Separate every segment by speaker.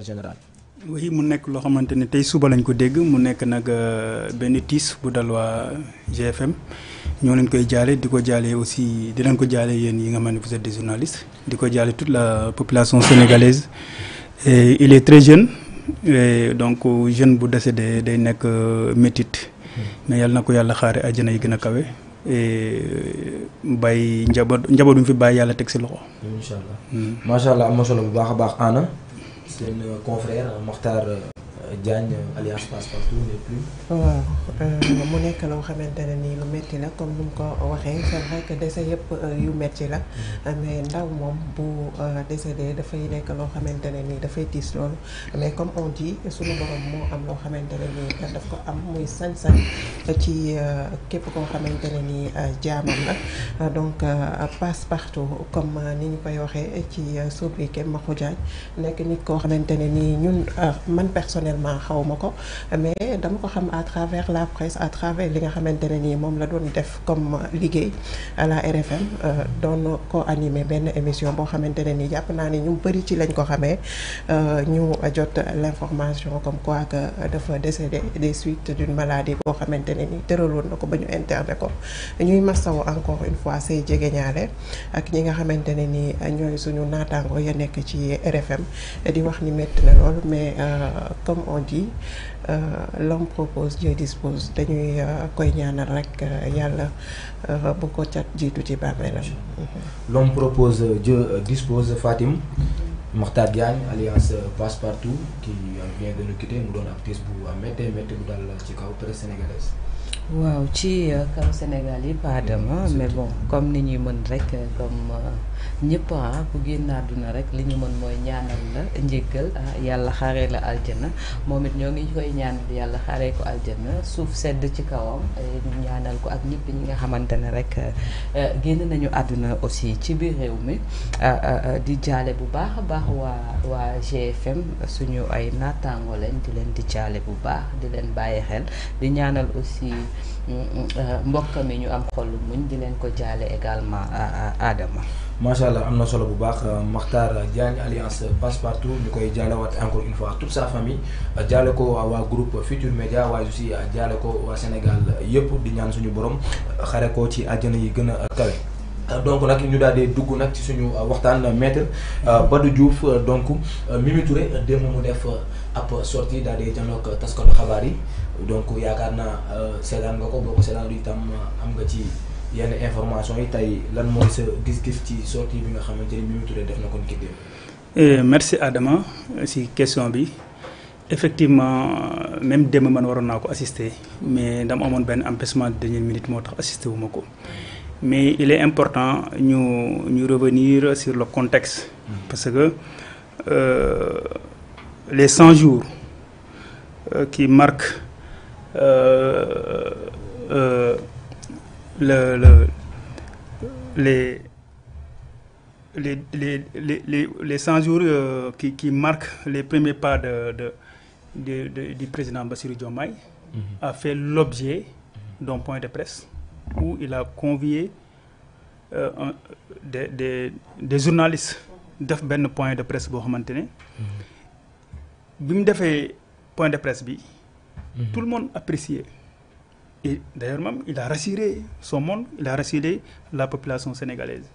Speaker 1: général
Speaker 2: oui mu toute la population sénégalaise et il est très jeune et donc euh,
Speaker 1: c'est un euh, confrère euh, mortard euh, Diagne alliance
Speaker 3: euh, mu nekk loo xamante ne nii lu métti la comme ni mu ko waxee c'est vrai yëpp euh, yu métti la mm-hmm. mais ndaw moom bu euh, décédé dafay nekk loo xamante ne nii dafay tiis loolu mais comme on dit am loo xamante ne nii daf ko am muy sañ-sañ ci képp koo xamante ne ni ñu koy waxee ci sobriquet Makhou Diagne nekk nit koo xamante nii ñun man personnellement. personnellement xaw ma ko mais dama ko xam à travers la presse à travers li nga xamante ni mom la doon def comme liggéey à la RFM euh, doon ko animer ben émission bo xamante ni japp jàpp ni ñu bari ci lañ ko xamé euh, ñu jot l'information comme quoi que dafa décédé des suites d'une maladie bo xamante ni nii tëraloon nako bañu ba interné ko ñuy masawu encore une fois say jegeñaale ak ñi nga xamante ni ñoy suñu natango ya nek ci RFM di wax ni métti na lool mais euh, comme on dit euh, l'homme propose Dieu dispose dañuy euh, koy ñaanal rek euh, yàlla euh, bu ko tout jiitu ci bàmmeelam mhm.
Speaker 1: l'homme propose Dieu dispose Fatim Makhtar Diagne alliance Passepartout qui vient de nous quitter Nous doon actrice pour méttee mettre bu dal ci kaw presse sénégalaise
Speaker 3: waaw ci kaw Sénégal pas demain mais bon comme ni ñuy mën rek comme ñëpp ah ku génn àdduna rek li ñu mën mooy ñaanal la njégal ah, yàlla xaaree la aljana moom it ñoo ngi koy ñaanal yàlla xaaree ko aljana suuf sedd ci kawam eh, ñu ñaanal ko ak ñëpp ñi nga xamante ne rek eh, eh, génn nañu àdduna aussi ci biir réew mi ah, ah, di jaale bu baax a baax waa waa GFM suñu ay naataango lañ di leen di jaale bu baax di leen bàyyi xel di ñaanal aussi mm, mm, mbokk mi ñu am xolu muñ di leen ko jaale également aadama
Speaker 1: macha allah am na solo bu baax euh, Makhtar Diagne alliance passe partout ñu koy jaalewaat encore une fois toute sa famille jaale ko waa groupe Futur Média waaye aussi euh, jaale ko waa Sénégal yëpp di ñaan suñu borom euh, xare ko ci àjjana yi gën a kawe. donc nag ñu daal di dugg nag ci suñu waxtaan maître Badou Diouf donc Mimi Touré démb mu def ab sortie daal di janoog taskatu xabaar yi donc yaakaar naa seetaan nga ko boo ko seetaan itam am nga ci. Il information yi des lan moy ce gis-gis ci sortie bi nga xamante ni Mimi Touré def na ko ni
Speaker 2: euh, merci Adama euh, si question bi effectivement même démb man waron nako assister mais dama amone ben empêchement de dernière minute motax assister wumako mais il est important ñu ñu revenir sur le contexte. Mm-hmm. parce que euh, les 100 jours euh, qui marquent. Euh, euh, les, les, les, les, 100 jours euh, qui, qui, marquent les premiers pas de, de, du président Bassirou Diomaye mhm. a fait l'objet d'un point de presse où il a convié euh, des, des, des, journalistes def ben point de presse pour maintenir. ne mhm. Bim mu point de presse bi mhm. tout le monde appréciait. Et d'ailleurs même, il a rassuré son monde, il a rassuré la population sénégalaise.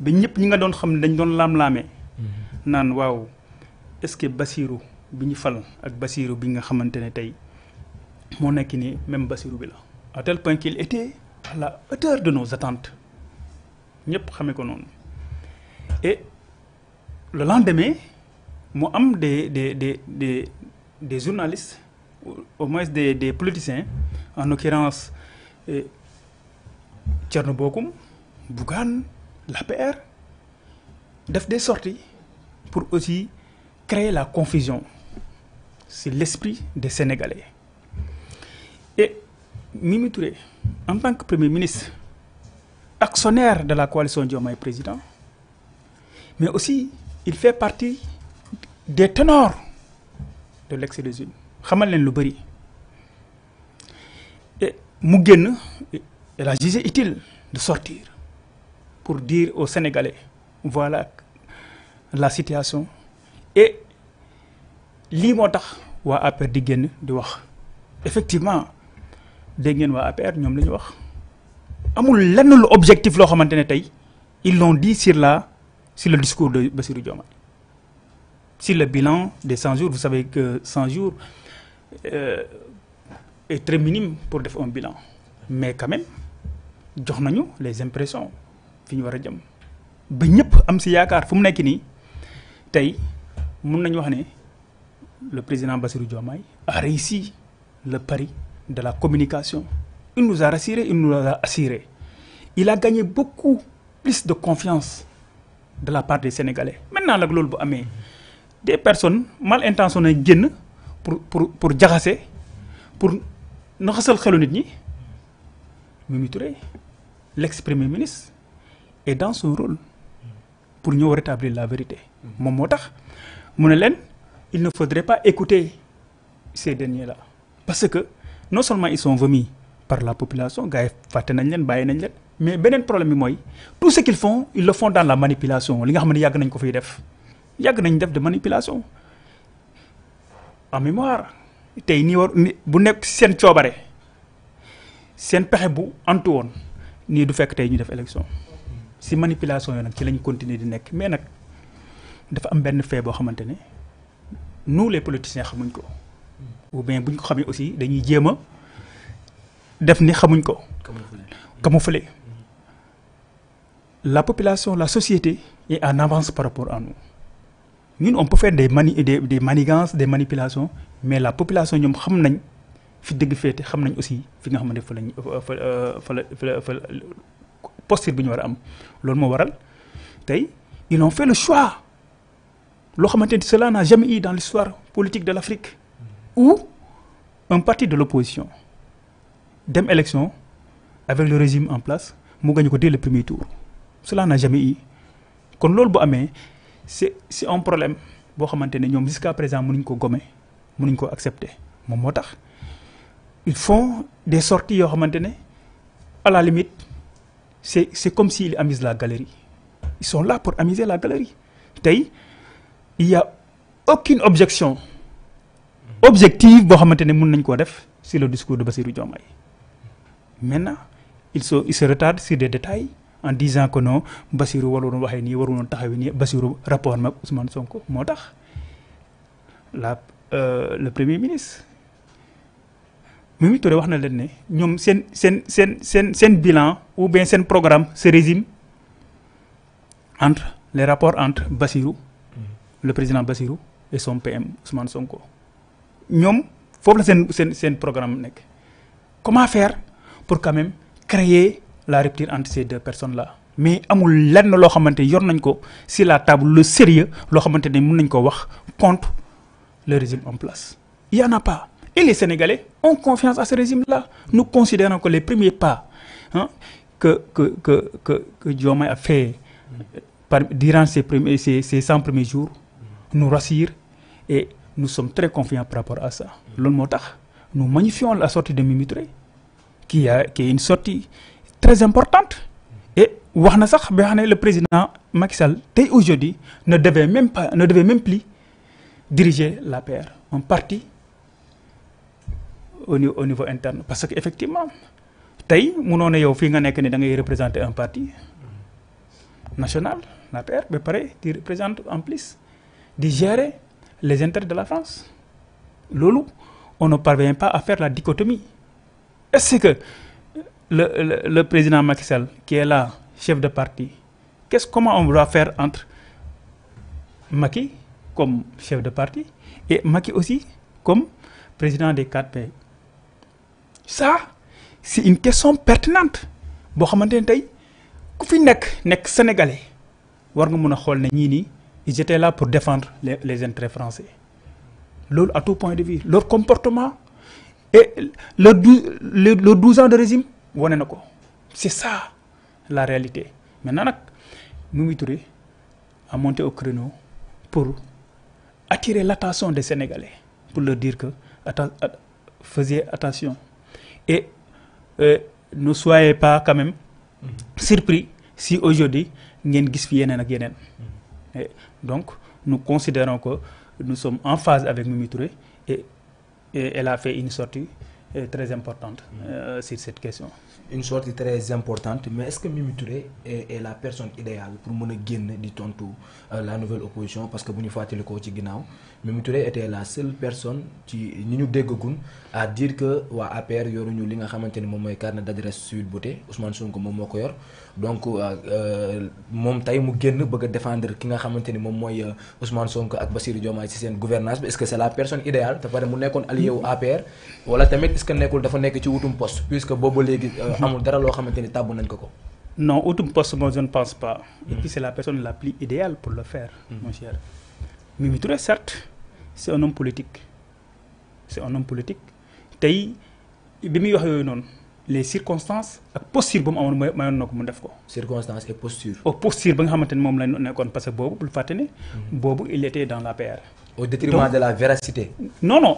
Speaker 2: doon xam dañ doon mhm. est-ce que Bassirou bi ñu fal ak Bassirou bi nga même Bassirou à tel point qu'il était à la hauteur de nos attentes et le lendemain mon am des des journalistes au moins des, politiciens, en l'occurrence eh, Tchernobokoum, Bougan, l'APR, def des sorties pour aussi créer la confusion. C'est l'esprit des Sénégalais. Et Mimi Touré, en tant que Premier ministre, actionnaire de la coalition Diomaye Président, mais aussi il fait partie des ténors de lex xamal leen lu bëri mu génn la a jugé utile de sortir pour dire aux Sénégalais voilà la situation et li moo tax waa APR di génn di wax effectivement dégg a waa APR ñoom la ñu wax amul lenn lu objectif loo xamante ne ils l'ont dit sur la sur le discours de Bassirou Diomane. sur le bilan des 100 jours vous savez que 100 jours est euh, très minime pour faire un bilan mais quand même les impressions fi ñu a jëm ba le président Bassirou Diomaye a réussi le pari de la communication il nous a rassurés il nous a assuré il a gagné beaucoup plus de confiance de la part des Sénégalais maintenant le y des personnes mal intentionnées viennent pour pour pour jaxase pour naxasal xelu nit ñi Mimi Touré l'ex-premier ministre est dans son rôle pour nous rétablir la vérité mom motax mune len il ne faudrait pas écouter ces derniers là parce que non seulement ils sont vomis par la population gars yi nañ un nañ mais benen problème bi tout ce qu'ils font ils le font dans la manipulation li nga xam ne yàgg nañ ko fiy def nañ def de manipulation en mémoire tey ni bu nek sen coobare sen pexé bu antu ni du fekk tey ñu def élection si manipulation yo nak ci lañ continuer di nek mais nak dafa am benn fait boo xamante ne nous les politiciens xamuñ ko ou bien buñ ko xamee aussi dañuy jéem a def ni xamuñ ko camoufler la population la société est en avance par rapport à nous ñun on peut faire des des manigances des manipulations mais la population ñom xam nañ fi dëgg féete xam nañ aussi fi nga xamante fa lañ fa fa posture bi ñu war am waral ils ont fait le choix loo xamante cela n'a jamais eu dans l'histoire politique de l'Afrique où un parti de l'opposition dem élection avec le régime en place mu gagné ko dès le premier tour cela n'a jamais eu kon loolu bu amee c'est c'est un problème bo xamantene ne jusqu'à présent mënuñ ko mënuñ ko accepter ils font des sorties à la limite c'est c'est comme s'ils amusent la galerie ils sont là pour amuser la galerie il y a aucune objection objective bo xamantene ne mën nañ sur le discours de Bassirou Diomaye maintenant ils se ils se retardent sur des détails en disant que non Bassirou waroon waxee nii waroon taxawee ni Bassirou rapport ma Ousmane Sonko motax la euh, le premier ministre. Mimi Touré wax na leen ne ñoom sen sen sen sen bilan ou bien sen programme se régime entre les rapports entre Basirou, mm-hmm. le président Basirou et son PM Ousmane Sonko ñom fofu la sen sen sen programme nek comment faire pour quand même créer la rupture entre ces deux personnes là mais amul lenn lo yor nañ ko si la table le sérieux nañ contre le régime en place il y en a pas et les sénégalais ont confiance à ce régime là nous considérons que les premiers pas hein, que que que que que a fait euh, durant ces premiers 100 premiers jours nous rassurent et nous sommes très confiants par rapport à ça nous magnifions la sortie de Mimitré qui a qui est une sortie très importante. Et le président Macky Sall, aujourd'hui, ne devait même pas, ne devait même plus diriger la paire, un parti au niveau, interne. Parce qu'effectivement, il on représenter un parti national la paire mais pareil, il représente en plus de gérer les intérêts de la France lolo on ne parvient pas à faire la dichotomie est-ce que le, président Macky Sall, qui est là, chef de parti, qu'est-ce comment on va faire entre Macky comme chef de parti et Macky aussi comme président des quatre pays Ça, c'est une question pertinente. sénégalais ils étaient là pour défendre les intérêts français à tout point de vue leur comportement et le le douze ans de régime c'est ça la réalité maintenant nag Touré a monté au créneau pour attirer l'attention des Sénégalais pour leur dire que faisiez attention et euh, ne soyez pas quand même mm-hmm. surpris si aujourd'hui ngeen gis fi yeneen ak mm-hmm. donc nous considérons que nous sommes en phase avec Mimi Touré et elle a fait une sortie très importante euh, sur
Speaker 1: cette question. Une sortie très importante, mais est-ce que Mimituré est, est, la personne idéale pour mener dit-on tout, euh, la nouvelle opposition Parce que le côté Mimi Touré était la seule personne qui nous dégoûte à dire que wa APR yoruñu li nga xamante ni moom le carnet d'adresse Sweet Beauté Ousmane Sonko moom donc euh, Mom tey mu bëgg défendre ki nga xamante ni moom Ousmane Sonko ak Bassir Diomaye ci gouvernance est-ce que c'est la personne idéale te parlé mu nekkoon allié ou APR wala tamit est-ce que nekkul dafa nekk ci wutum poste puisque boobu léegi euh, mhm. amul dara loo xamante ni tàbb nañ ko ko. non outum poste moi je ne pense pas. et mhm. puis
Speaker 2: c'est la personne la plus idéale pour le faire. Mhm. mon cher Mimi Touré certes c'est un homme politique c'est un homme politique tey bi muy wax yooyu noonu les circonstances ak posture bu mu amoon mayoon na ko mu def ko. circonstances et posture. au oh, posture ba nga xamante ni moom la nekkoon parce que boobu bul fàtte ne. boobu il était dans la l'APR. au détriment de la
Speaker 1: véracité.
Speaker 2: non non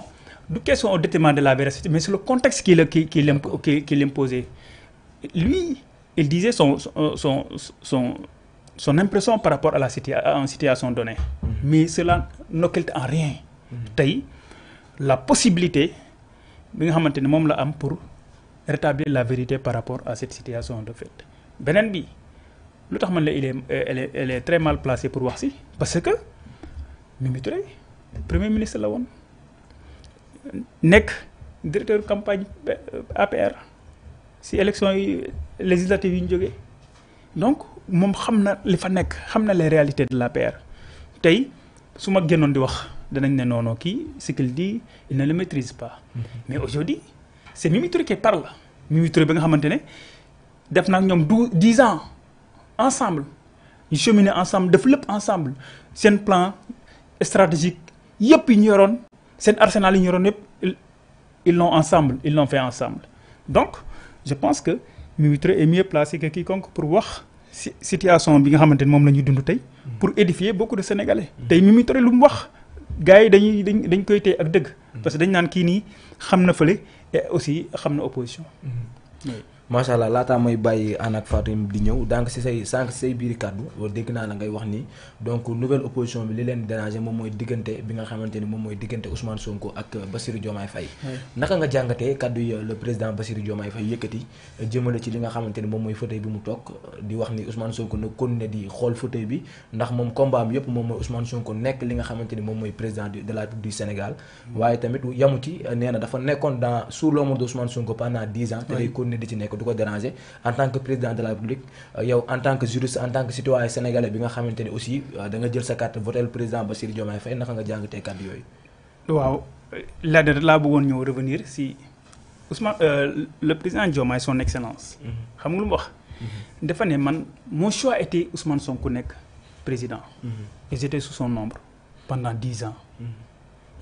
Speaker 2: de question au détriment de la vérité, mais c'est le contexte qui, qui, qui, Lui, il disait son, son, son, impression par rapport à, la situation donnée, mm-hmm. mais cela n'occulte en rien. Mm La possibilité, pour rétablir la vérité par rapport à cette situation de fait. Benen il est elle est très mal placée pour voir si parce que le premier ministre la Nek, directeur campagne euh, APR si élection législative donc mom xamna li fa nek les réalités de l'APR tey si je di wax danañ ne nono ki ce qu'il dit il ne le maîtrise pas mm-hmm. mais aujourd'hui c'est Mimi qui parle Mimi Touré bi nga def nak ans ensemble ñu cheminer ensemble def lépp ensemble un plan stratégique yépp ñu yoron seen arsenal yi ñu ils l'ont ensemble ils l'ont fait ensemble donc je pense que Mimi est mieux placé que quiconque pour wax si situation bi nga xamante ni moom la ñuy pour édifier beaucoup de sénégalais tey Mimi Touré lu mu wax gars yi dañuy
Speaker 1: dañ koy ak dëgg parce que dañ naan kii nii xam na et aussi xam na opposition mm-hmm. oui macha allah laataa may bàyyi ànd ak Fatim di ñëw donc si say sànq si say biir kàddu dégg naa la ngay wax ni donc nouvelle opposition bi li leen déranger moom mooy diggante bi nga xamante ni moom mooy diggante Ousmane Sonko ak Bassirou Diomaye Faye naka nga jàngatee kàddu yi le président Bassirou Diomaye Faye yëkkati jëmale ci li nga xamante ni moom mooy fauteuil bi mu toog di wax ni Ousmane Sonko na continuer di xool fauteuil bi ndax moom combat am yëpp moom mooy Ousmane Sonko nekk li nga xamante ni moom mooy président de la République du Sénégal mm. waaye tamit yamu ci nee na dafa nekkoon dans sous l'ombre d'Ousmane Sonko pendant dix ans te day continuer di ci nekk ko du ko déranger en tant que président de la République euh, yow en tant que juriste en tant que citoyen sénégalais bi nga xamante ne aussi euh, da nga jël sa carte voté président Bassir Diomaye Faye naka nga jàng tey kàddu yooyu.
Speaker 2: waaw de laa bëggoon ñëw revenir si Ousmane euh, le président Diomaye son excellence. Mm-hmm. xam nga lu wax. Mm-hmm. dafa ne man mon choix était Ousmane Sonko nekk président. Mm-hmm. et j'étais sous son ombre pendant dix ans.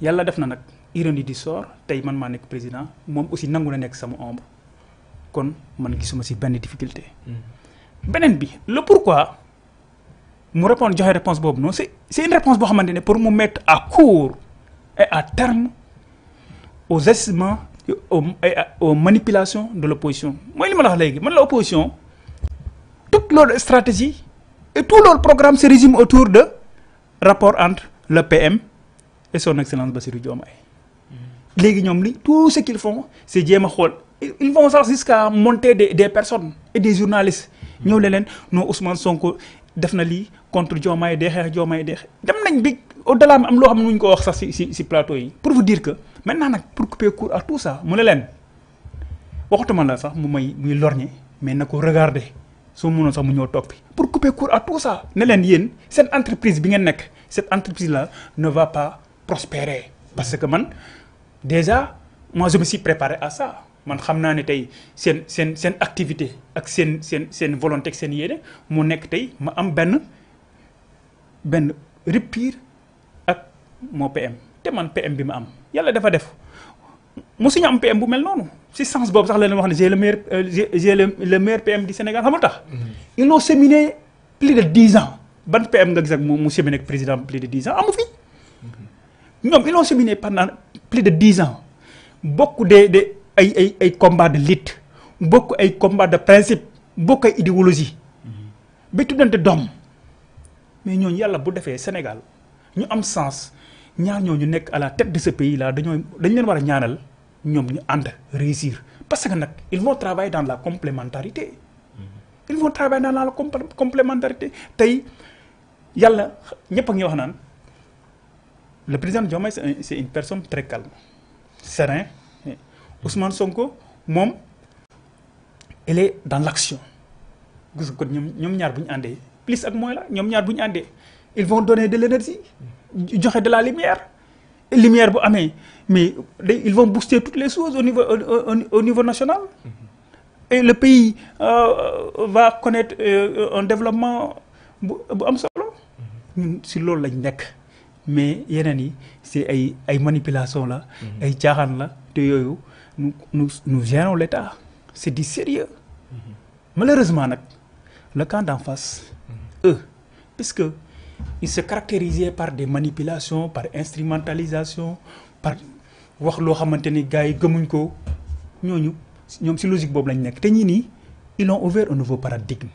Speaker 2: yàlla def na nag ironie du sort tey man maa nekk président moom aussi nangu na nekk sama ombre kon man gisuma si benn difficulté. Hmm. beneen bi le pourquoi mu répondre joxe réponse boobu c'est une réponse pour me mettre à court et à terme aux agissements et aux manipulations de l'opposition mooy li ma la wax toute leur stratégie et tout leur programme se résume autour de rapport entre le PM et son excellence Basirou Diomaye hmm. léegi ñoom tout ce qu'ils font c'est jéem a ils vont jusqu'à monter des, des, personnes et des journalistes. ñëw ne leen non Ousmane Sonko def na li contre Diomaye dee xeex Diomaye dee dem nañ bi au delà am lo xam ne ñu ko wax sax ci si si plateau yi. pour vous dire que maintenant nak pour couper court à tout ça mu ne leen waxatuma la sax mu may muy lorgné mais nako ko regarder soo mënoon sax mu ñoo topi pour couper court à tout ça. ne leen yeen cette entreprise bi ngeen nek cette entreprise là ne va pas prospérer parce que man déjà moi je me suis préparé à ça man xam naa ne tey seen seen seen activité ak seen seen seen volonté ak seen yéene mu nekk tey ma am benn benn rupture ak moo PM te man PM bi ma am yàlla dafa def mosuñu am PM bu mel noonu si sens boobu sax la leen wax ne j'ai le meilleur euh, j'ai le meilleur PM du Sénégal xam tax. Mm-hmm. ils ont séminé plus de dix ans ban PM nga gis ak mu mu séminé président plus de dix ans amu fi mm-hmm. ñoom ils ont séminé pendant plus de dix ans bokk de de ay ay ay combat de lit bokk ay combat de principe bokk ay idéologie mhm. ba tudante dom mais ñooñu yalla bu défé Sénégal ñu am sens ñaar ñu sommes à la tête de ce pays là dañoy dañ leen wara ñaanal ñom ñu ànd réussir parce que nak ils vont travailler dans la complémentarité mhm. ils vont travailler dans la complémentarité tay yalla ñepp ngi wax nan le président Diomaye c'est une personne très calme serein Ousmane Sonko mom, elle est dans l'action Vous nga kon ñaar plus ak mooy la ñoom ñaar bu ils vont donner de l'énergie donner de la lumière lumière bu amee mais ils vont booster toutes les choses au niveau au, niveau national et le pays euh, va connaître euh, un développement bu bu am solo ñun si loolu lañ nekk mais yeneen yi c'est ay ay des la mhm. ay caaxaan la nous, nous, nous gérons l'État. C'est du sérieux. Malheureusement, le camp d'en face, mhm. eux, puisque ils se caractérisaient par des manipulations, par instrumentalisation, par ils ont ouvert un nouveau paradigme